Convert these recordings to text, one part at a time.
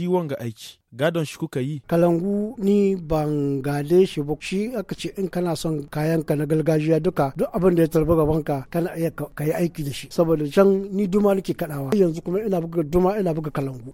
ciwon ga aiki gadon shi kuka yi kalangu ni ban gade shi ba shi aka ce in kana son kayan ka na gargajiya duka duk abin da ya tarbi gaban ka kana iya ka yi aiki da shi saboda can ni duma nake kadawa yanzu kuma ina buga duma ina buga kalangu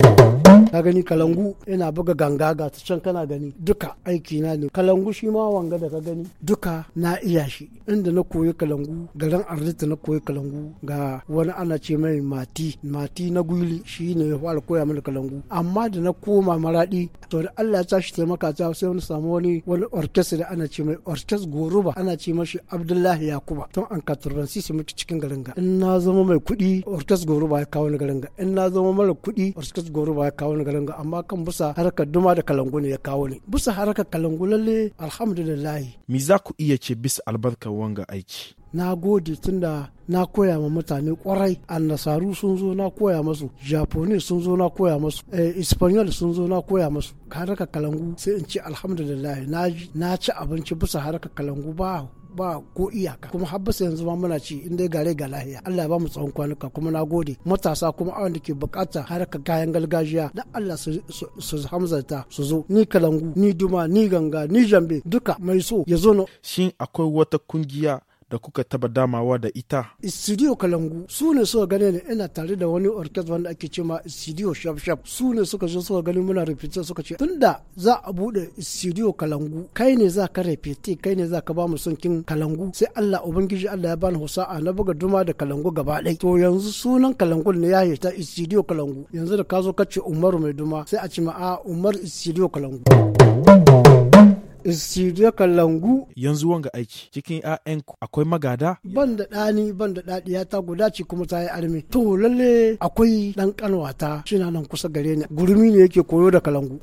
ka gani kalangu yana buga ganga ga ta can kana gani duka aiki na ne kalangu shi ma wanga da ka gani duka na iya shi inda na koyi kalangu garin arzita na koyi kalangu ga wani ana ce mai mati mati na guli shi ne ya fara koya mana kalangu amma da na koma maradi to da Allah ya tashi taimaka ta sai wani samu wani wani orkes da ana ce mai orkes goruba ana ce mashi Abdullahi Yakuba tun an katurban sisi muke cikin garin ga in na zama mai kuɗi orkes goruba ya kawo ni garin ga in na zama mara kuɗi orkes goruba ya kawo kawo ni garin amma kan busa harkar duma da kalangu ne ya kawo ni busa harkar kalangu lalle alhamdulillahi mi za ku iya ce bisa albarkar wanga aiki na gode tunda na koya ma mutane kwarai nasaru sun zo na koya masu japanese sun zo na koya masu eh, espanyol sun zo na koya masu harkar kalangu sai in ce alhamdulillah na ci abinci bisa harkar kalangu ba ba ko iyaka kuma habbasa yanzu ma muna ci inda ya gare ga lahiya Allah ya ba mu tsawon kwanuka kuma na gode matasa kuma awon da ke bukata ka kayan gargajiya da Allah su hamzarta su zo ni kalangu ni duma ni ganga ni jambe duka mai so ya zo shin akwai wata kungiya da kuka taba damawa da ita? Studio Kalangu su ne suka gane ni ina tare da wani orchestra wanda ake cewa Studio Shop Shop su ne suka zo suka gani muna repetition suka ce tunda za a bude Studio Kalangu kai ne za ka repete kai ne za ka ba mu sunkin Kalangu sai Allah ubangiji Allah ya bani husa'a na buga duma da Kalangu gaba ɗaya to yanzu sunan Kalangu ne ya ta Studio Kalangu yanzu da ka zo ka ce Umaru mai duma sai a ce ma a Umar Studio Kalangu. studio kalangu yanzu wanga aiki cikin ƴaƴanku akwai magada ban da ɗani ban da ɗaɗiya ta guda ce kuma ta yi armi to lalle akwai ɗan kanwata shi nan kusa gare ni gurmi ne yake koyo da kalangu